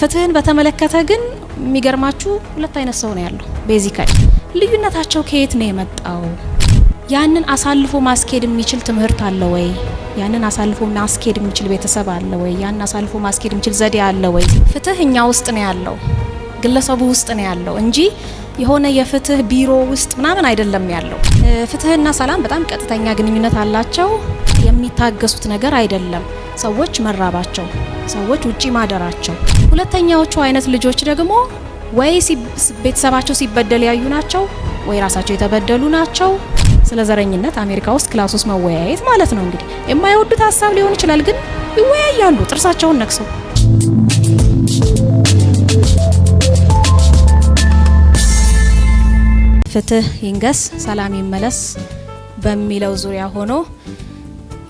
ፍትህን በተመለከተ ግን የሚገርማችሁ ሁለት አይነት ሰው ነው ያለው። ቤዚካሊ ልዩነታቸው ከየት ነው የመጣው? ያንን አሳልፎ ማስኬድ የሚችል ትምህርት አለ ወይ? ያንን አሳልፎ ማስኬድ የሚችል ቤተሰብ አለ ወይ? ያንን አሳልፎ ማስኬድ የሚችል ዘዴ አለ ወይ? ፍትህ እኛ ውስጥ ነው ያለው፣ ግለሰቡ ውስጥ ነው ያለው እንጂ የሆነ የፍትህ ቢሮ ውስጥ ምናምን አይደለም ያለው። ፍትህና ሰላም በጣም ቀጥተኛ ግንኙነት አላቸው። የሚታገሱት ነገር አይደለም። ሰዎች መራባቸው፣ ሰዎች ውጪ ማደራቸው ሁለተኛዎቹ አይነት ልጆች ደግሞ ወይ ቤተሰባቸው ሲበደል ያዩ ናቸው፣ ወይ ራሳቸው የተበደሉ ናቸው። ስለ ዘረኝነት አሜሪካ ውስጥ ክላስ ውስጥ መወያየት ማለት ነው። እንግዲህ የማይወዱት ሀሳብ ሊሆን ይችላል፣ ግን ይወያያሉ ጥርሳቸውን ነክሰው። ፍትህ ይንገስ ሰላም ይመለስ በሚለው ዙሪያ ሆኖ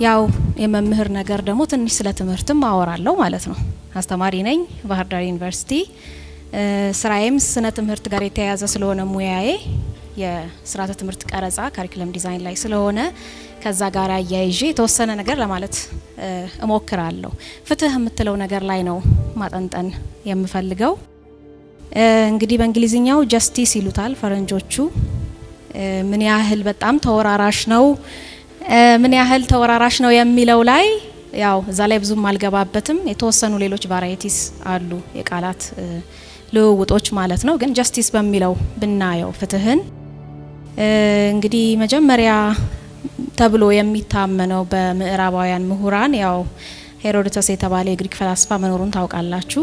ያው የመምህር ነገር ደግሞ ትንሽ ስለ ትምህርትም አወራለሁ ማለት ነው። አስተማሪ ነኝ ባህር ዳር ዩኒቨርሲቲ። ስራዬም ስነ ትምህርት ጋር የተያያዘ ስለሆነ ሙያዬ የስርዓተ ትምህርት ቀረጻ ካሪኩለም ዲዛይን ላይ ስለሆነ ከዛ ጋር አያይዤ የተወሰነ ነገር ለማለት እሞክራለሁ። ፍትህ የምትለው ነገር ላይ ነው ማጠንጠን የምፈልገው። እንግዲህ በእንግሊዝኛው ጀስቲስ ይሉታል ፈረንጆቹ። ምን ያህል በጣም ተወራራሽ ነው ምን ያህል ተወራራሽ ነው የሚለው ላይ ያው እዛ ላይ ብዙም አልገባበትም። የተወሰኑ ሌሎች ቫራይቲስ አሉ የቃላት ልውውጦች ማለት ነው። ግን ጀስቲስ በሚለው ብናየው ፍትህን እንግዲህ መጀመሪያ ተብሎ የሚታመነው በምዕራባውያን ምሁራን ያው ሄሮዶተስ የተባለ የግሪክ ፈላስፋ መኖሩን ታውቃላችሁ።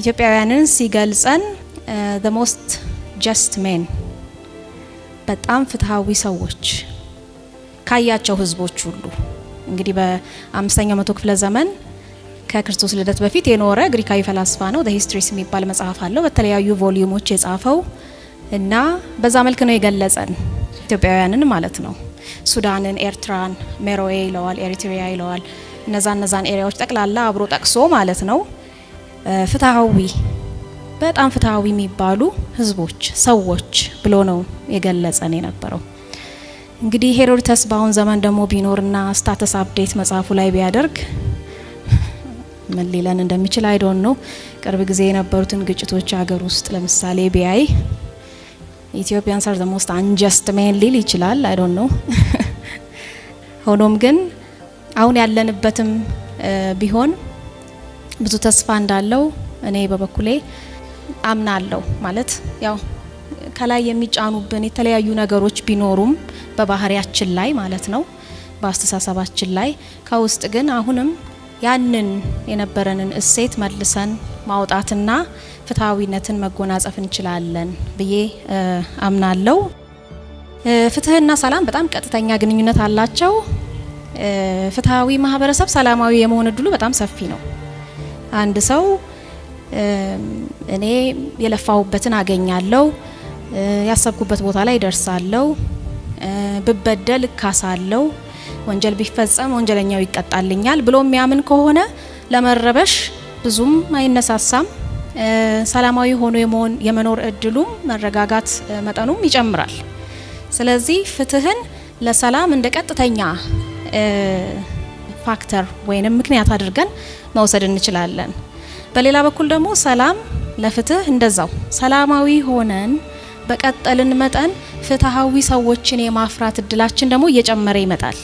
ኢትዮጵያውያንን ሲገልጸን ዘ ሞስት ጀስት ሜን በጣም ፍትሃዊ ሰዎች ካያቸው ህዝቦች ሁሉ እንግዲህ በአምስተኛው መቶ ክፍለ ዘመን ከክርስቶስ ልደት በፊት የኖረ ግሪካዊ ፈላስፋ ነው። ሂስትሪስ የሚባል መጽሐፍ አለው በተለያዩ ቮሊዩሞች የጻፈው እና በዛ መልክ ነው የገለጸን ኢትዮጵያውያንን ማለት ነው። ሱዳንን፣ ኤርትራን ሜሮዌ ይለዋል፣ ኤሪትሪያ ይለዋል። እነዛ እነዛን ኤሪያዎች ጠቅላላ አብሮ ጠቅሶ ማለት ነው። ፍትሐዊ በጣም ፍትሐዊ የሚባሉ ህዝቦች፣ ሰዎች ብሎ ነው የገለጸን የነበረው። እንግዲህ ሄሮድተስ በአሁን ዘመን ደግሞ ቢኖርና ስታተስ አፕዴት መጽሐፉ ላይ ቢያደርግ ምን ሊለን እንደሚችል አይዶን ነው። ቅርብ ጊዜ የነበሩትን ግጭቶች ሀገር ውስጥ ለምሳሌ ቢያይ ኢትዮጵያን ሰር ዘሞስት አንጀስት ሜን ሊል ይችላል። አይዶን ነው። ሆኖም ግን አሁን ያለንበትም ቢሆን ብዙ ተስፋ እንዳለው እኔ በበኩሌ አምናለሁ ማለት ያው ከላይ የሚጫኑብን የተለያዩ ነገሮች ቢኖሩም በባህሪያችን ላይ ማለት ነው፣ በአስተሳሰባችን ላይ ከውስጥ ግን አሁንም ያንን የነበረንን እሴት መልሰን ማውጣትና ፍትሐዊነትን መጎናጸፍ እንችላለን ብዬ አምናለሁ። ፍትህና ሰላም በጣም ቀጥተኛ ግንኙነት አላቸው። ፍትሐዊ ማህበረሰብ ሰላማዊ የመሆን እድሉ በጣም ሰፊ ነው። አንድ ሰው እኔ የለፋሁበትን አገኛለሁ ያሰብኩበት ቦታ ላይ ደርሳለሁ። ብበደል እካሳለሁ። ወንጀል ቢፈጸም ወንጀለኛው ይቀጣልኛል ብሎ የሚያምን ከሆነ ለመረበሽ ብዙም አይነሳሳም። ሰላማዊ ሆኖ የመኖር እድሉም መረጋጋት መጠኑም ይጨምራል። ስለዚህ ፍትህን ለሰላም እንደ ቀጥተኛ ፋክተር ወይንም ምክንያት አድርገን መውሰድ እንችላለን። በሌላ በኩል ደግሞ ሰላም ለፍትህ እንደዛው ሰላማዊ ሆነን በቀጠልን መጠን ፍትሐዊ ሰዎችን የማፍራት እድላችን ደግሞ እየጨመረ ይመጣል።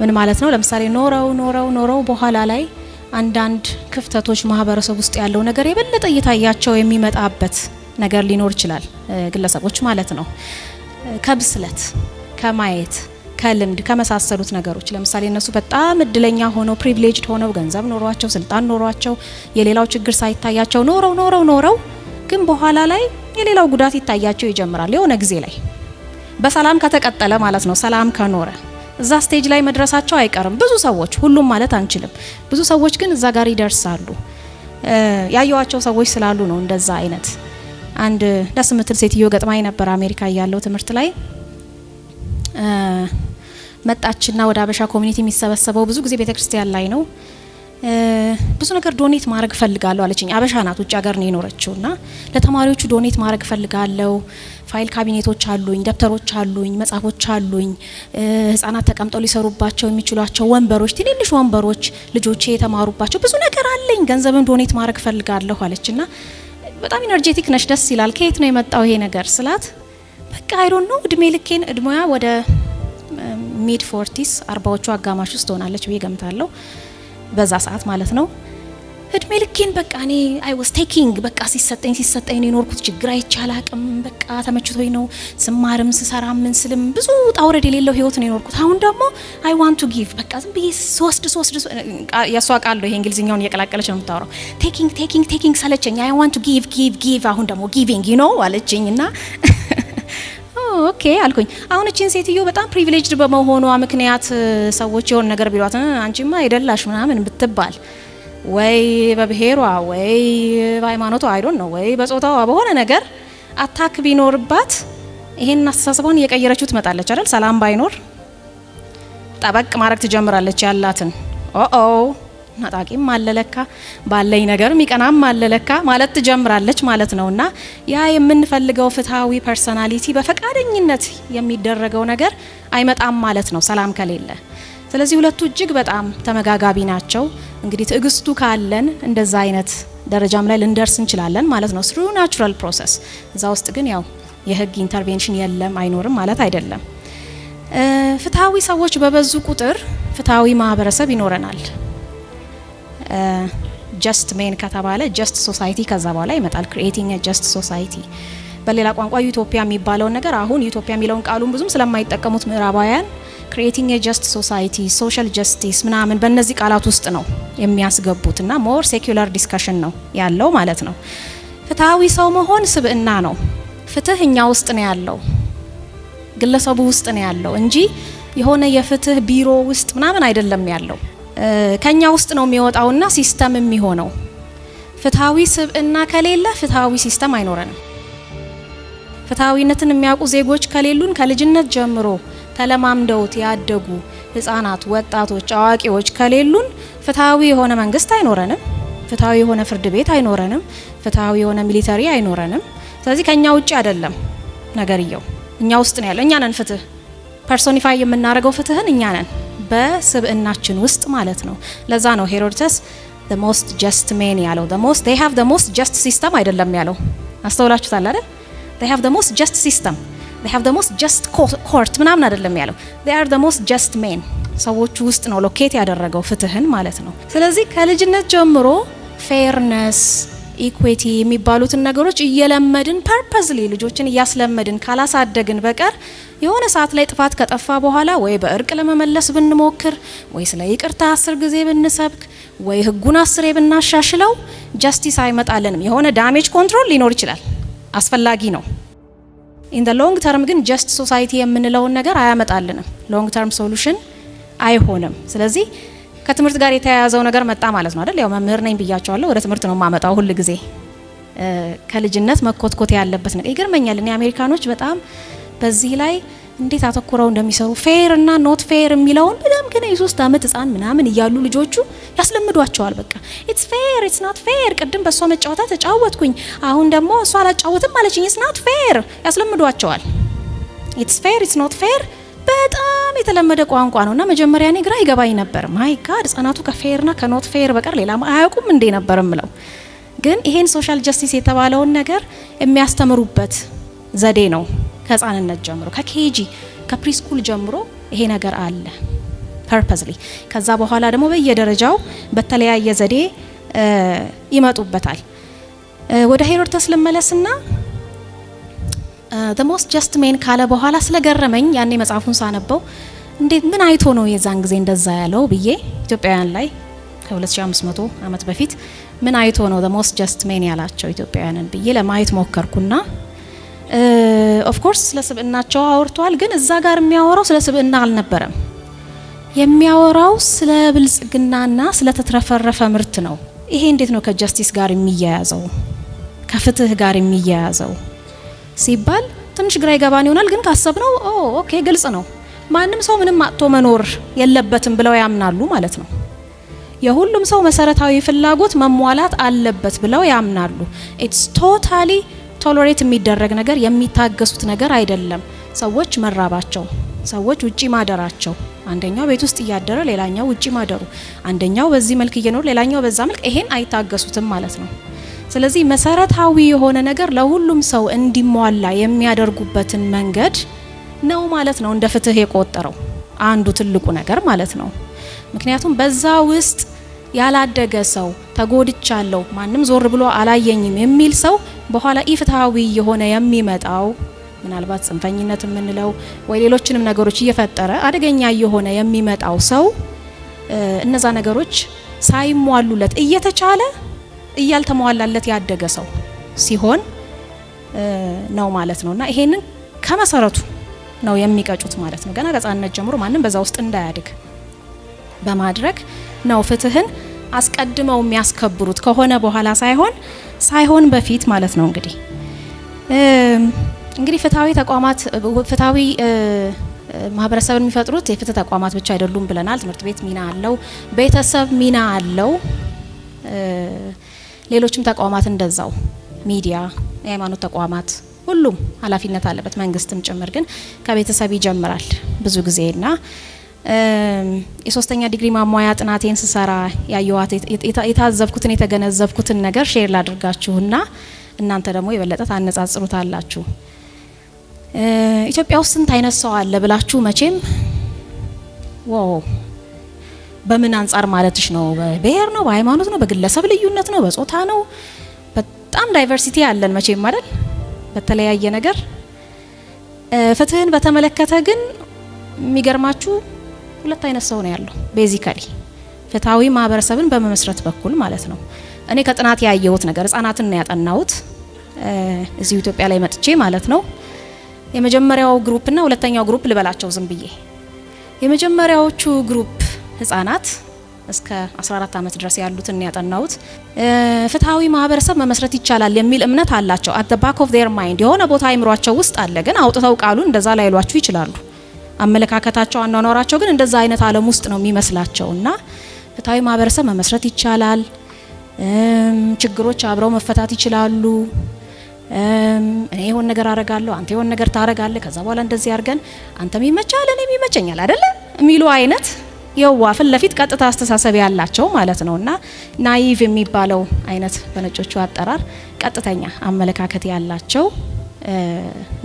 ምን ማለት ነው? ለምሳሌ ኖረው ኖረው ኖረው በኋላ ላይ አንዳንድ ክፍተቶች ማህበረሰብ ውስጥ ያለው ነገር የበለጠ እየታያቸው የሚመጣበት ነገር ሊኖር ይችላል። ግለሰቦች ማለት ነው። ከብስለት ከማየት ከልምድ ከመሳሰሉት ነገሮች ለምሳሌ እነሱ በጣም እድለኛ ሆነው ፕሪቪሌጅድ ሆነው ገንዘብ ኖሯቸው ስልጣን ኖሯቸው የሌላው ችግር ሳይታያቸው ኖረው ኖረው ኖረው ግን በኋላ ላይ የሌላው ጉዳት ይታያቸው ይጀምራል። የሆነ ጊዜ ላይ በሰላም ከተቀጠለ ማለት ነው፣ ሰላም ከኖረ እዛ ስቴጅ ላይ መድረሳቸው አይቀርም። ብዙ ሰዎች ሁሉም ማለት አንችልም፣ ብዙ ሰዎች ግን እዛ ጋር ይደርሳሉ። ያየዋቸው ሰዎች ስላሉ ነው። እንደዛ አይነት አንድ ደስ የምትል ሴትዮ ገጥማኝ ነበር አሜሪካ እያለው ትምህርት ላይ መጣችና ወደ አበሻ ኮሚኒቲ የሚሰበሰበው ብዙ ጊዜ ቤተክርስቲያን ላይ ነው ብዙ ነገር ዶኔት ማድረግ ፈልጋለሁ አለችኝ። አበሻ ናት፣ ውጭ ሀገር ነው የኖረችው እና ለተማሪዎቹ ዶኔት ማድረግ ፈልጋለሁ። ፋይል ካቢኔቶች አሉኝ፣ ደብተሮች አሉኝ፣ መጽሐፎች አሉኝ፣ ህጻናት ተቀምጠው ሊሰሩባቸው የሚችሏቸው ወንበሮች፣ ትንንሽ ወንበሮች ልጆቼ የተማሩባቸው ብዙ ነገር አለኝ። ገንዘብም ዶኔት ማድረግ ፈልጋለሁ አለች እና በጣም ኢነርጄቲክ ነሽ፣ ደስ ይላል። ከየት ነው የመጣው ይሄ ነገር ስላት በቃ አይዶን ነው እድሜ ልኬን እድሞያ ወደ ሚድ ፎርቲስ አርባዎቹ አጋማሽ ውስጥ ትሆናለች ብዬ ገምታለሁ በዛ ሰዓት ማለት ነው። እድሜ ልኬን በቃ እኔ አይ ዋስ ቴኪንግ በቃ ሲሰጠኝ ሲሰጠኝ ነው የኖርኩት። ችግር አይቻል አቅም በቃ ተመችቶኝ ነው ስማርም ስሰራም ምን ስልም ብዙ ጣውረድ የሌለው ህይወት ነው የኖርኩት። አሁን ደግሞ አይ ዋንት ቱ ጊቭ በቃ ዝም ብዬ ሶስት ሶስት ያሷ ቃል ነው እንግሊዝኛውን እየቀላቀለች ነው የምታወራው። ቴኪንግ ቴኪንግ ቴኪንግ ሰለቸኝ። አይ ዋንት ቱ ጊቭ ጊቭ ጊቭ አሁን ደግሞ ጊቪንግ ዩ ኖ አለችኝ እና ኦኬ አልኩኝ። አሁን እቺን ሴትዮ በጣም ፕሪቪሌጅድ በመሆኗ ምክንያት ሰዎች የሆን ነገር ቢሏት አንቺማ አይደላሽ ምናምን ብትባል ወይ በብሔሯ ወይ በሃይማኖቷ አይዶን ነው ወይ በጾታዋ በሆነ ነገር አታክ ቢኖርባት ይሄን አስተሳሰቧን እየቀየረችው ትመጣለች አይደል? ሰላም ባይኖር ጠበቅ ማድረግ ትጀምራለች ያላትን ኦ ናጣቂም አለለካ ባለኝ ነገር ሚቀናም አለለካ ማለት ትጀምራለች ማለት ነውና ያ የምንፈልገው ፍትሐዊ ፐርሰናሊቲ በፈቃደኝነት የሚደረገው ነገር አይመጣም ማለት ነው ሰላም ከሌለ። ስለዚህ ሁለቱ እጅግ በጣም ተመጋጋቢ ናቸው። እንግዲህ ትዕግስቱ ካለን እንደዛ አይነት ደረጃም ላይ ልንደርስ እንችላለን ማለት ነው ስሩ ናቹራል ፕሮሰስ። እዛ ውስጥ ግን ያው የህግ ኢንተርቬንሽን የለም አይኖርም ማለት አይደለም። ፍትሐዊ ሰዎች በበዙ ቁጥር ፍትሐዊ ማህበረሰብ ይኖረናል። ጀስት ሜን ከተባለ ጀስት ሶሳይቲ ከዛ በኋላ ይመጣል። ክሪኤቲንግ ጀስት ሶሳይቲ በሌላ ቋንቋ ዩቶፒያ የሚባለውን ነገር አሁን ዩቶፒያ የሚለውን ቃሉን ብዙም ስለማይጠቀሙት ምዕራባውያን ክሪኤቲንግ የጀስት ሶሳይቲ ሶሻል ጀስቲስ ምናምን በእነዚህ ቃላት ውስጥ ነው የሚያስገቡት እና ሞር ሴኩላር ዲስከሽን ነው ያለው ማለት ነው። ፍትሐዊ ሰው መሆን ስብዕና ነው። ፍትህ እኛ ውስጥ ነው ያለው፣ ግለሰቡ ውስጥ ነው ያለው እንጂ የሆነ የፍትህ ቢሮ ውስጥ ምናምን አይደለም ያለው። ከኛ ውስጥ ነው የሚወጣውና ሲስተም የሚሆነው። ፍትሃዊ ስብዕና ከሌለ ፍትሃዊ ሲስተም አይኖረንም። ፍታዊነትን የሚያውቁ ዜጎች ከሌሉን ከልጅነት ጀምሮ ተለማምደውት ያደጉ ህጻናት፣ ወጣቶች፣ አዋቂዎች ከሌሉን ፍትሃዊ የሆነ መንግስት አይኖረንም። ፍትሐዊ የሆነ ፍርድ ቤት አይኖረንም። ፍትሐዊ የሆነ ሚሊተሪ አይኖረንም። ስለዚህ ከኛ ውጭ አይደለም ነገርየው፣ እኛ ውስጥ ነው ያለው። እኛ ነን ፍትህ ፐርሶኒፋይ የምናደርገው ፍትህን እኛ ነን በስብእናችን ውስጥ ማለት ነው። ለዛ ነው ሄሮድተስ ስ ስ just ያለው the most ሲስተም አይደለም ያለው። አስተውላችሁታል አይደል? they have the most just ምናምን አይደለም ያለው they are the most ሰዎቹ ውስጥ ነው ሎኬት ያደረገው ፍትህን ማለት ነው። ስለዚህ ከልጅነት ጀምሮ ፌርነስ ኢኩዌቲ የሚባሉትን ነገሮች እየለመድን ፐርፐዝሊ ልጆችን እያስለመድን ካላሳደግን በቀር የሆነ ሰዓት ላይ ጥፋት ከጠፋ በኋላ ወይ በእርቅ ለመመለስ ብንሞክር ወይ ስለ ይቅርታ አስር ጊዜ ብንሰብክ ወይ ህጉን አስሬ ብናሻሽለው ጃስቲስ አይመጣልንም። የሆነ ዳሜጅ ኮንትሮል ሊኖር ይችላል፣ አስፈላጊ ነው። ኢን ዘ ሎንግ ተርም ግን ጀስት ሶሳይቲ የምንለውን ነገር አያመጣልንም። ሎንግ ተርም ሶሉሽን አይሆንም። ስለዚህ ከትምህርት ጋር የተያያዘው ነገር መጣ ማለት ነው አይደል? ያው መምህር ነኝ ብያቸዋለሁ። ወደ ትምህርት ነው የማመጣው ሁል ጊዜ ከልጅነት መኮትኮት ያለበት ነገር ይገርመኛል። እኔ አሜሪካኖች በጣም በዚህ ላይ እንዴት አተኩረው እንደሚሰሩ ፌር እና ኖት ፌር የሚለውን በጣም ገና የሶስት ዓመት ህፃን ምናምን እያሉ ልጆቹ ያስለምዷቸዋል። በቃ ኢትስ ፌር ኢትስ ናት ፌር፣ ቅድም በእሷ መጫወታ ተጫወትኩኝ፣ አሁን ደግሞ እሷ አላጫወትም አለችኝ፣ ኢትስ ናት ፌር ያስለምዷቸዋል። ኢትስ ፌር ኢትስ ኖት ፌር በጣም የተለመደ ቋንቋ ነው እና መጀመሪያ እኔ ግራ ይገባኝ ነበር። ማይ ጋድ ህጻናቱ ከፌርና ከኖት ፌር በቀር ሌላ አያውቁም እንዴ ነበር ምለው። ግን ይሄን ሶሻል ጀስቲስ የተባለውን ነገር የሚያስተምሩበት ዘዴ ነው። ከህጻንነት ጀምሮ ከኬጂ ከፕሪስኩል ጀምሮ ይሄ ነገር አለ ፐርፐዝሊ። ከዛ በኋላ ደግሞ በየደረጃው በተለያየ ዘዴ ይመጡበታል። ወደ ሄሮድተስ ልመለስና ሞስት ጀስት ሜን ካለ በኋላ ስለገረመኝ ያኔ መጽሐፉን ሳነበው እንዴት ምን አይቶ ነው የዛን ጊዜ እንደዛ ያለው ብዬ ኢትዮጵያውያን ላይ ከ2500 ዓመት በፊት ምን አይቶ ነው ሞስት ጀስት ሜን ያላቸው ኢትዮጵያውያንን ብዬ ለማየት ሞከርኩና ኦፍኮርስ uh, ስለ ስብዕናቸው አውርተዋል። ግን እዛ ጋር የሚያወራው ስለ ስብዕና አልነበረም። የሚያወራው ስለ ብልጽግናና ስለ ተትረፈረፈ ምርት ነው። ይሄ እንዴት ነው ከጀስቲስ ጋር የሚያያዘው? ከፍትህ ጋር የሚያያዘው ሲባል ትንሽ ግራ ይገባን ይሆናል። ግን ካሰብነው ኦኬ ግልጽ ነው። ማንም ሰው ምንም አጥቶ መኖር የለበትም ብለው ያምናሉ ማለት ነው። የሁሉም ሰው መሰረታዊ ፍላጎት መሟላት አለበት ብለው ያምናሉ። ኢትስ ቶታሊ ቶሎሬት የሚደረግ ነገር የሚታገሱት ነገር አይደለም። ሰዎች መራባቸው፣ ሰዎች ውጪ ማደራቸው፣ አንደኛው ቤት ውስጥ እያደረ ሌላኛው ውጪ ማደሩ፣ አንደኛው በዚህ መልክ እየኖር ሌላኛው በዛ መልክ፣ ይሄን አይታገሱትም ማለት ነው። ስለዚህ መሰረታዊ የሆነ ነገር ለሁሉም ሰው እንዲሟላ የሚያደርጉበትን መንገድ ነው ማለት ነው እንደ ፍትህ የቆጠረው አንዱ ትልቁ ነገር ማለት ነው። ምክንያቱም በዛ ውስጥ ያላደገ ሰው ተጎድቻለሁ፣ ማንም ዞር ብሎ አላየኝም የሚል ሰው በኋላ ኢፍትሐዊ የሆነ የሚመጣው ምናልባት ጽንፈኝነት የምንለው ወይ ሌሎችንም ነገሮች እየፈጠረ አደገኛ የሆነ የሚመጣው ሰው እነዛ ነገሮች ሳይሟሉለት እየተቻለ እያልተሟላለት ያደገ ሰው ሲሆን ነው ማለት ነው እና ይሄንን ከመሰረቱ ነው የሚቀጩት ማለት ነው። ገና ከሕፃንነት ጀምሮ ማንም በዛ ውስጥ እንዳያድግ በማድረግ ነው ፍትህን አስቀድመው የሚያስከብሩት ከሆነ በኋላ ሳይሆን ሳይሆን በፊት ማለት ነው። እንግዲህ እንግዲህ ፍትሐዊ ተቋማት ፍትሐዊ ማህበረሰብን የሚፈጥሩት የፍትህ ተቋማት ብቻ አይደሉም ብለናል። ትምህርት ቤት ሚና አለው፣ ቤተሰብ ሚና አለው። ሌሎችም ተቋማት እንደዛው ሚዲያ፣ የሃይማኖት ተቋማት ሁሉም ኃላፊነት አለበት መንግስትም ጭምር ግን ከቤተሰብ ይጀምራል ብዙ ጊዜ ና የሶስተኛ ዲግሪ ማሟያ ጥናቴን ስሰራ ያየዋት የታዘብኩትን የተገነዘብኩትን ነገር ሼር ላድርጋችሁና እናንተ ደግሞ የበለጠ ታነጻጽሩት አላችሁ። ኢትዮጵያ ውስጥ ስንት አይነት ሰው አለ ብላችሁ መቼም ዋው በምን አንጻር ማለትሽ ነው? በብሔር ነው? በሃይማኖት ነው? በግለሰብ ልዩነት ነው? በጾታ ነው? በጣም ዳይቨርሲቲ አለን መቼም አይደል? በተለያየ ነገር። ፍትህን በተመለከተ ግን የሚገርማችሁ ሁለት አይነት ሰው ነው ያለው። ቤዚካሊ ፍትሃዊ ማህበረሰብን በመመስረት በኩል ማለት ነው። እኔ ከጥናት ያየሁት ነገር ህጻናትን ነው ያጠናሁት እዚሁ ኢትዮጵያ ላይ መጥቼ ማለት ነው። የመጀመሪያው ግሩፕና ሁለተኛው ግሩፕ ልበላቸው ዝም ብዬ የመጀመሪያዎቹ ግሩፕ ህጻናት እስከ 14 ዓመት ድረስ ያሉትን ያጠናሁት። ፍትሐዊ ማህበረሰብ መመስረት ይቻላል የሚል እምነት አላቸው። አት ባክ ኦፍ ዴር ማይንድ የሆነ ቦታ አይምሯቸው ውስጥ አለ፣ ግን አውጥተው ቃሉን እንደዛ ላይሏችሁ ይችላሉ። አመለካከታቸው፣ አኗኗራቸው ግን እንደዛ አይነት ዓለም ውስጥ ነው የሚመስላቸው እና ፍትሐዊ ማህበረሰብ መመስረት ይቻላል፣ ችግሮች አብረው መፈታት ይችላሉ። እኔ የሆን ነገር አረጋለሁ፣ አንተ የሆን ነገር ታረጋለህ፣ ከዛ በኋላ እንደዚህ አድርገን አንተም ይመቻል እኔም ይመቸኛል አይደለ የሚሉ አይነት የዋ ፊት ለፊት ቀጥታ አስተሳሰብ ያላቸው ማለት ነው እና ናይቭ የሚባለው አይነት በነጮቹ አጠራር ቀጥተኛ አመለካከት ያላቸው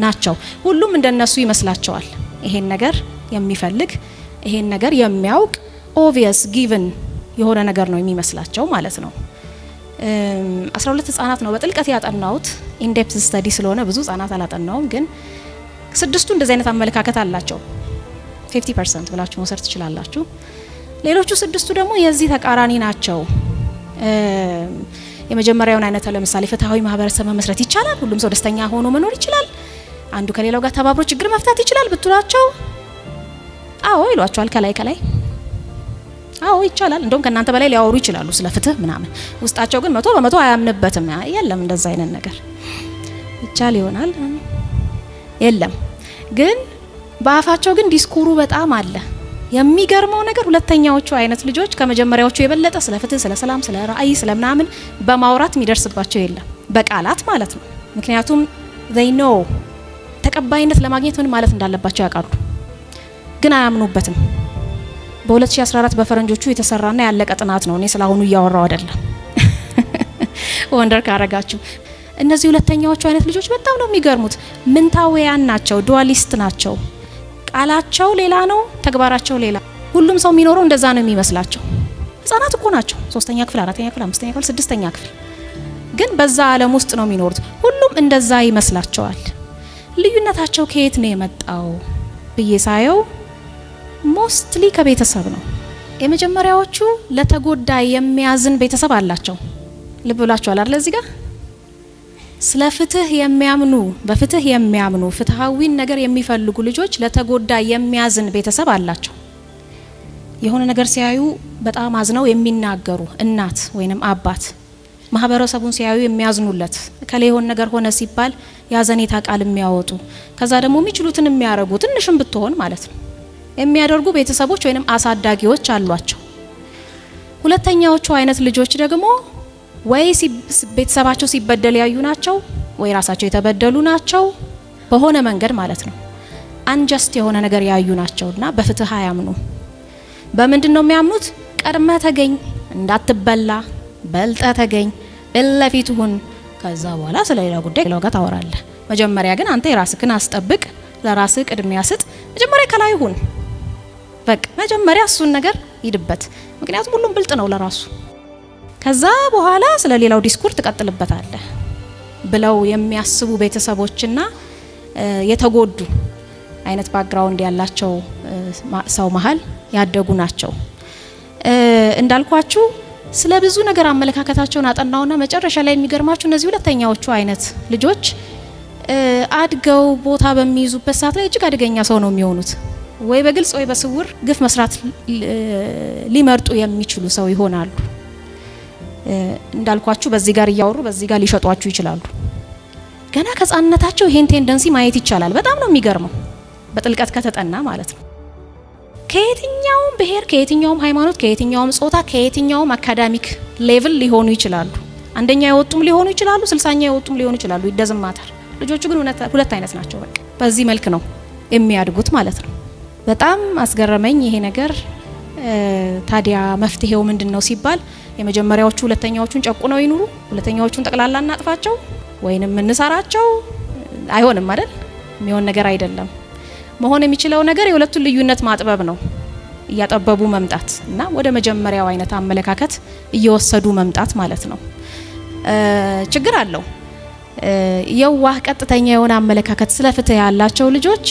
ናቸው። ሁሉም እንደነሱ ይመስላቸዋል። ይሄን ነገር የሚፈልግ ይሄን ነገር የሚያውቅ ኦቪየስ ጊቭን የሆነ ነገር ነው የሚመስላቸው ማለት ነው። 12 ህጻናት ነው በጥልቀት ያጠናሁት። ኢንዴፕስ ስተዲ ስለሆነ ብዙ ህጻናት አላጠናውም፣ ግን ስድስቱ እንደዚህ አይነት አመለካከት አላቸው። ፊፍቲ ፐርሰንት ብላችሁ መውሰድ ትችላላችሁ። ሌሎቹ ስድስቱ ደግሞ የዚህ ተቃራኒ ናቸው። የመጀመሪያውን አይነት ለምሳሌ ፍትሐዊ ማህበረሰብ መመስረት ይቻላል፣ ሁሉም ሰው ደስተኛ ሆኖ መኖር ይችላል፣ አንዱ ከሌላው ጋር ተባብሮ ችግር መፍታት ይችላል ብትሏቸው አዎ ይሏቸዋል። ከላይ ከላይ አዎ ይቻላል፣ እንደውም ከእናንተ በላይ ሊያወሩ ይችላሉ ስለ ፍትህ ምናምን። ውስጣቸው ግን መቶ በመቶ አያምንበትም። የለም እንደዛ አይነት ነገር ይቻል ይሆናል የለም ግን በአፋቸው ግን ዲስኩሩ በጣም አለ። የሚገርመው ነገር ሁለተኛዎቹ አይነት ልጆች ከመጀመሪያዎቹ የበለጠ ስለ ፍትህ፣ ስለ ሰላም፣ ስለ ራእይ፣ ስለ ምናምን በማውራት የሚደርስባቸው የለም በቃላት ማለት ነው። ምክንያቱም ዘይ ኖ ተቀባይነት ለማግኘት ምን ማለት እንዳለባቸው ያውቃሉ፣ ግን አያምኑበትም። በ2014 በፈረንጆቹ የተሰራና ያለቀ ጥናት ነው። እኔ ስለአሁኑ እያወራው አይደለም። ወንደር ካረጋችሁ እነዚህ ሁለተኛዎቹ አይነት ልጆች በጣም ነው የሚገርሙት። ምንታዊያን ናቸው፣ ዱዋሊስት ናቸው። ቃላቸው ሌላ ነው፣ ተግባራቸው ሌላ። ሁሉም ሰው የሚኖረው እንደዛ ነው የሚመስላቸው። ህጻናት እኮ ናቸው። ሶስተኛ ክፍል፣ አራተኛ ክፍል፣ አምስተኛ ክፍል፣ ስድስተኛ ክፍል ግን በዛ ዓለም ውስጥ ነው የሚኖሩት። ሁሉም እንደዛ ይመስላቸዋል። ልዩነታቸው ከየት ነው የመጣው ብዬ ሳየው ሞስትሊ ከቤተሰብ ነው። የመጀመሪያዎቹ ለተጎዳ የሚያዝን ቤተሰብ አላቸው። ልብ ብላችኋል አይደል? እዚህ ጋር ስለ ፍትህ የሚያምኑ በፍትህ የሚያምኑ ፍትሃዊን ነገር የሚፈልጉ ልጆች ለተጎዳ የሚያዝን ቤተሰብ አላቸው። የሆነ ነገር ሲያዩ በጣም አዝነው የሚናገሩ እናት ወይንም አባት፣ ማህበረሰቡን ሲያዩ የሚያዝኑለት ከላይ የሆነ ነገር ሆነ ሲባል የአዘኔታ ቃል የሚያወጡ ከዛ ደግሞ የሚችሉትን የሚያደርጉ ትንሽም ብትሆን ማለት ነው የሚያደርጉ ቤተሰቦች ወይንም አሳዳጊዎች አሏቸው። ሁለተኛዎቹ አይነት ልጆች ደግሞ ወይ ቤተሰባቸው ሲበደል ያዩ ናቸው፣ ወይ ራሳቸው የተበደሉ ናቸው። በሆነ መንገድ ማለት ነው አንጀስት የሆነ ነገር ያዩ ናቸውና በፍትህ አያምኑ። በምንድን ነው የሚያምኑት? ቀድመ ተገኝ፣ እንዳትበላ፣ በልጠ ተገኝ፣ እለፊት ሁን። ከዛ በኋላ ስለ ሌላ ጉዳይ ለው ጋር ታወራለህ። መጀመሪያ ግን አንተ የራስህን አስጠብቅ፣ ለራስህ ቅድሚያ ስጥ። መጀመሪያ ከላይ ሁን። በቃ መጀመሪያ እሱን ነገር ሂድበት። ምክንያቱም ሁሉም ብልጥ ነው ለራሱ ከዛ በኋላ ስለ ሌላው ዲስኩር ትቀጥልበታለህ ብለው የሚያስቡ ቤተሰቦችና የተጎዱ አይነት ባክግራውንድ ያላቸው ሰው መሀል ያደጉ ናቸው። እንዳልኳችሁ ስለ ብዙ ነገር አመለካከታቸውን አጠናውና መጨረሻ ላይ የሚገርማችሁ እነዚህ ሁለተኛዎቹ አይነት ልጆች አድገው ቦታ በሚይዙበት ሰዓት ላይ እጅግ አደገኛ ሰው ነው የሚሆኑት። ወይ በግልጽ ወይ በስውር ግፍ መስራት ሊመርጡ የሚችሉ ሰው ይሆናሉ። እንዳልኳችሁ በዚህ ጋር እያወሩ በዚህ ጋር ሊሸጧችሁ ይችላሉ። ገና ከህጻንነታቸው ይሄን ቴንደንሲ ማየት ይቻላል። በጣም ነው የሚገርመው በጥልቀት ከተጠና ማለት ነው። ከየትኛውም ብሔር፣ ከየትኛውም ሃይማኖት፣ ከየትኛውም ጾታ፣ ከየትኛውም አካዳሚክ ሌቭል ሊሆኑ ይችላሉ። አንደኛ የወጡም ሊሆኑ ይችላሉ፣ ስልሳኛ የወጡም ሊሆኑ ይችላሉ። ይደዝም ማተር ልጆቹ ግን ሁለት አይነት ናቸው። በቃ በዚህ መልክ ነው የሚያድጉት ማለት ነው። በጣም አስገረመኝ ይሄ ነገር። ታዲያ መፍትሄው ምንድን ነው ሲባል የመጀመሪያዎቹ ሁለተኛዎቹን ጨቁነው ይኑሩ፣ ሁለተኛዎቹን ጠቅላላ እናጥፋቸው ወይንም እንሰራቸው? አይሆንም አይደል? የሚሆን ነገር አይደለም። መሆን የሚችለው ነገር የሁለቱን ልዩነት ማጥበብ ነው። እያጠበቡ መምጣት እና ወደ መጀመሪያው አይነት አመለካከት እየወሰዱ መምጣት ማለት ነው። ችግር አለው። የዋህ ቀጥተኛ የሆነ አመለካከት ስለ ፍትህ ያላቸው ልጆች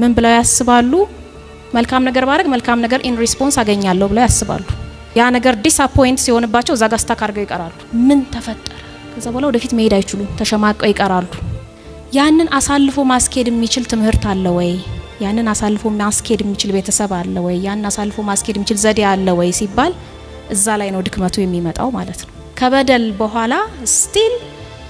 ምን ብለው ያስባሉ? መልካም ነገር ባረግ መልካም ነገር ኢን ሪስፖንስ አገኛለሁ ብለው ያስባሉ። ያ ነገር ዲስአፖይንት ሲሆንባቸው እዛ ጋ ስታክ አድርገው ይቀራሉ። ምን ተፈጠረ? ከዛ በኋላ ወደፊት መሄድ አይችሉም፣ ተሸማቀው ይቀራሉ። ያንን አሳልፎ ማስኬድ የሚችል ትምህርት አለ ወይ? ያንን አሳልፎ ማስኬድ የሚችል ቤተሰብ አለ ወይ? ያንን አሳልፎ ማስኬድ የሚችል ዘዴ አለ ወይ ሲባል እዛ ላይ ነው ድክመቱ የሚመጣው ማለት ነው። ከበደል በኋላ ስቲል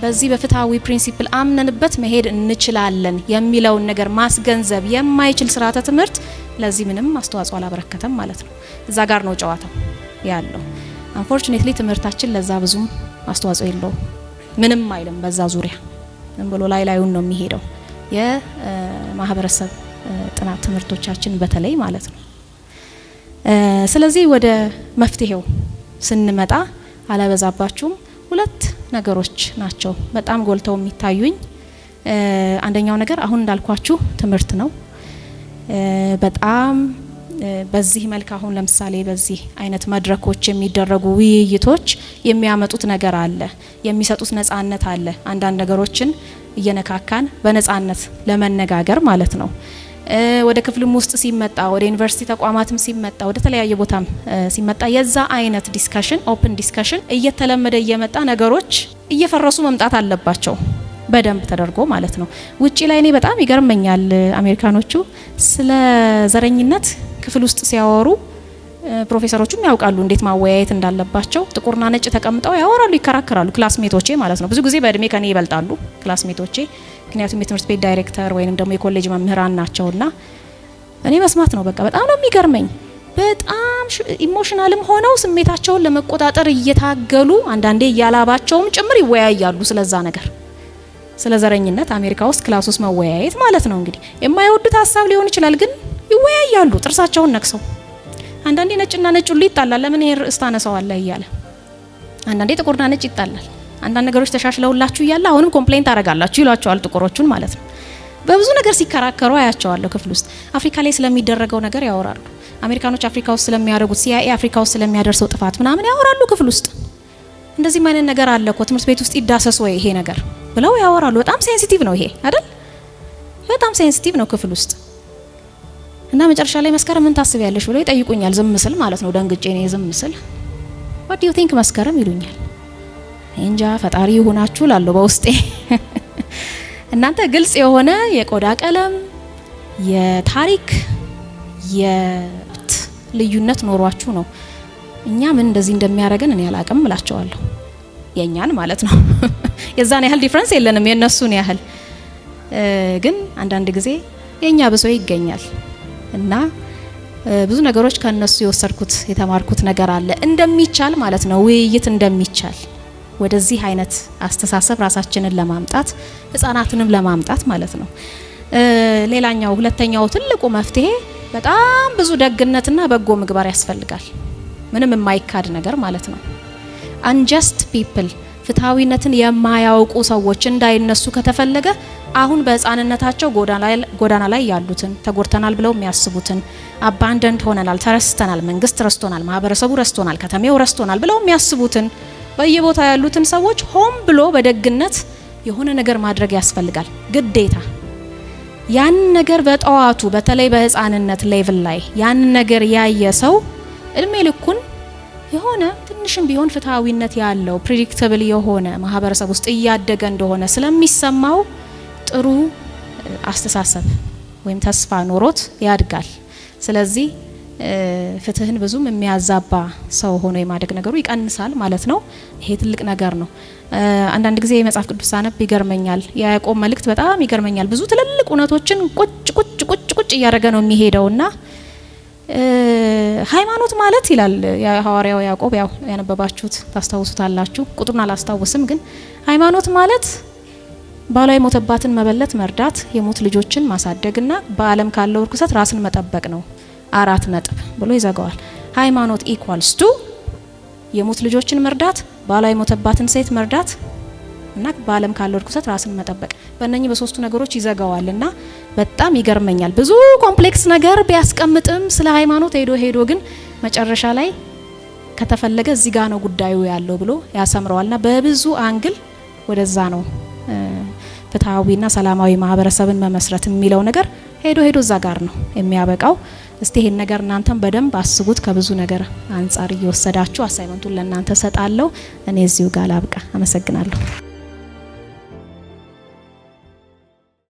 በዚህ በፍትሐዊ ፕሪንሲፕል አምነንበት መሄድ እንችላለን የሚለውን ነገር ማስገንዘብ የማይችል ስርዓተ ትምህርት ለዚህ ምንም አስተዋጽኦ አላበረከተም ማለት ነው። እዛ ጋር ነው ጨዋታው ያለው። አንፎርቹኔትሊ ትምህርታችን ለዛ ብዙም አስተዋጽኦ የለውም። ምንም አይልም። በዛ ዙሪያ ምን ብሎ ላይ ላዩን ነው የሚሄደው። የማህበረሰብ ጥናት ትምህርቶቻችን በተለይ ማለት ነው። ስለዚህ ወደ መፍትሄው ስንመጣ አላበዛባችሁም። ሁለት ነገሮች ናቸው በጣም ጎልተው የሚታዩኝ። አንደኛው ነገር አሁን እንዳልኳችሁ ትምህርት ነው። በጣም በዚህ መልክ አሁን ለምሳሌ በዚህ አይነት መድረኮች የሚደረጉ ውይይቶች የሚያመጡት ነገር አለ፣ የሚሰጡት ነጻነት አለ። አንዳንድ ነገሮችን እየነካካን በነጻነት ለመነጋገር ማለት ነው። ወደ ክፍልም ውስጥ ሲመጣ ወደ ዩኒቨርሲቲ ተቋማትም ሲመጣ ወደ ተለያየ ቦታም ሲመጣ የዛ አይነት ዲስካሽን ኦፕን ዲስካሽን እየተለመደ እየመጣ ነገሮች እየፈረሱ መምጣት አለባቸው በደንብ ተደርጎ ማለት ነው። ውጪ ላይ እኔ በጣም ይገርመኛል አሜሪካኖቹ ስለ ዘረኝነት ክፍል ውስጥ ሲያወሩ ፕሮፌሰሮቹም ያውቃሉ እንዴት ማወያየት እንዳለባቸው። ጥቁርና ነጭ ተቀምጠው ያወራሉ፣ ይከራከራሉ። ክላስሜቶቼ ማለት ነው ብዙ ጊዜ በእድሜ ከኔ ይበልጣሉ ክላስሜቶቼ ምክንያቱም የትምህርት ቤት ዳይሬክተር ወይንም ደግሞ የኮሌጅ መምህራን ናቸውና እኔ መስማት ነው በቃ በጣም ነው የሚገርመኝ። በጣም ኢሞሽናልም ሆነው ስሜታቸውን ለመቆጣጠር እየታገሉ አንዳንዴ እያላባቸውም ጭምር ይወያያሉ ስለዛ ነገር ስለ ዘረኝነት አሜሪካ ውስጥ ክላስ ውስጥ መወያየት ማለት ነው እንግዲህ የማይወዱት ሀሳብ ሊሆን ይችላል፣ ግን ይወያያሉ ጥርሳቸውን ነክሰው። አንዳንዴ ነጭና ነጭ ሁሉ ይጣላል። ለምን ይሄ ርዕስ ታነሳዋለህ እያለ አንዳንዴ ጥቁርና ነጭ ይጣላል። አንዳንድ ነገሮች ተሻሽለውላችሁ እያለ አሁንም ኮምፕሌንት ታደርጋላችሁ ይሏቸዋል፣ ጥቁሮቹን ማለት ነው። በብዙ ነገር ሲከራከሩ አያቸዋለሁ። ክፍል ውስጥ አፍሪካ ላይ ስለሚደረገው ነገር ያወራሉ። አሜሪካኖች አፍሪካ ውስጥ ስለሚያደርጉት፣ ሲአይኤ አፍሪካ ውስጥ ስለሚያደርሰው ጥፋት ምናምን ያወራሉ። ክፍል ውስጥ እንደዚህም አይነት ነገር አለ እኮ ትምህርት ቤት ውስጥ ይዳሰስ ወይ ይሄ ነገር ብለው ያወራሉ። በጣም ሴንሲቲቭ ነው ይሄ አይደል? በጣም ሴንሲቲቭ ነው ክፍል ውስጥ እና መጨረሻ ላይ መስከረም ምን ታስቢያለሽ ብለው ይጠይቁኛል። ዝም ስል ማለት ነው ደንግጬ ነው ዝም ስል ዋት ዩ ቲንክ መስከረም ይሉኛል። እንጃ ፈጣሪ ይሆናችሁ ላለው በውስጤ እናንተ ግልጽ የሆነ የቆዳ ቀለም፣ የታሪክ፣ የት ልዩነት ኖሯችሁ ነው። እኛ ምን እንደዚህ እንደሚያደርገን እኔ አላቅም እላቸዋለሁ። የእኛን ማለት ነው። የዛን ያህል ዲፍረንስ የለንም የእነሱን ያህል ግን አንዳንድ ጊዜ የእኛ ብሶ ይገኛል እና ብዙ ነገሮች ከእነሱ የወሰድኩት የተማርኩት ነገር አለ እንደሚቻል ማለት ነው ውይይት እንደሚቻል ወደዚህ አይነት አስተሳሰብ ራሳችንን ለማምጣት ህጻናትንም ለማምጣት ማለት ነው። ሌላኛው ሁለተኛው ትልቁ መፍትሄ በጣም ብዙ ደግነትና በጎ ምግባር ያስፈልጋል። ምንም የማይካድ ነገር ማለት ነው። አንጀስት ፒፕል ፍትሐዊነትን የማያውቁ ሰዎች እንዳይነሱ ከተፈለገ አሁን በህፃንነታቸው ጎዳና ላይ ያሉትን ተጎድተናል ብለው የሚያስቡትን አባንደንድ ሆነናል፣ ተረስተናል፣ መንግስት ረስቶናል፣ ማህበረሰቡ ረስቶናል፣ ከተሜው ረስቶናል ብለው የሚያስቡትን በየቦታ ያሉትን ሰዎች ሆን ብሎ በደግነት የሆነ ነገር ማድረግ ያስፈልጋል ግዴታ። ያን ነገር በጠዋቱ በተለይ በህፃንነት ሌቭል ላይ ያን ነገር ያየ ሰው እድሜ ልኩን የሆነ ትንሽም ቢሆን ፍትሐዊነት ያለው ፕሪዲክተብል የሆነ ማህበረሰብ ውስጥ እያደገ እንደሆነ ስለሚሰማው ጥሩ አስተሳሰብ ወይም ተስፋ ኖሮት ያድጋል። ስለዚህ ፍትህን ብዙም የሚያዛባ ሰው ሆኖ የማደግ ነገሩ ይቀንሳል ማለት ነው። ይሄ ትልቅ ነገር ነው። አንዳንድ ጊዜ የመጽሐፍ ቅዱስ ሳነብ ይገርመኛል። የያዕቆብ መልእክት በጣም ይገርመኛል። ብዙ ትልልቅ እውነቶችን ቁጭ ቁጭ ቁጭ ቁጭ እያደረገ ነው የሚሄደው እና ሃይማኖት ማለት ይላል ሐዋርያው ያዕቆብ። ያው ያነበባችሁት ታስታውሱታላችሁ። ቁጥሩን አላስታውስም፣ ግን ሃይማኖት ማለት ባሏ የሞተባትን መበለት፣ መርዳት፣ የሞት ልጆችን ማሳደግና በዓለም ካለው እርኩሰት ራስን መጠበቅ ነው። አራት ነጥብ ብሎ ይዘጋዋል። ሃይማኖት ኢኳልስ ቱ የሙት ልጆችን መርዳት፣ ባሏ የሞተባትን ሴት መርዳት እና በዓለም ካለው እርኩሰት ራስን መጠበቅ። በእነኚህ በሶስቱ ነገሮች ይዘጋዋል እና በጣም ይገርመኛል። ብዙ ኮምፕሌክስ ነገር ቢያስቀምጥም ስለ ሃይማኖት ሄዶ ሄዶ ግን መጨረሻ ላይ ከተፈለገ እዚህ ጋ ነው ጉዳዩ ያለው ብሎ ያሰምረዋል እና በብዙ አንግል ወደዛ ነው ፍትሐዊና ሰላማዊ ማህበረሰብን መመስረት የሚለው ነገር ሄዶ ሄዶ እዛ ጋር ነው የሚያበቃው። እስቲ ይሄን ነገር እናንተም በደንብ አስቡት። ከብዙ ነገር አንጻር እየወሰዳችሁ አሳይመንቱን ለእናንተ ሰጣለሁ። እኔ እዚሁ ጋር ላብቃ። አመሰግናለሁ።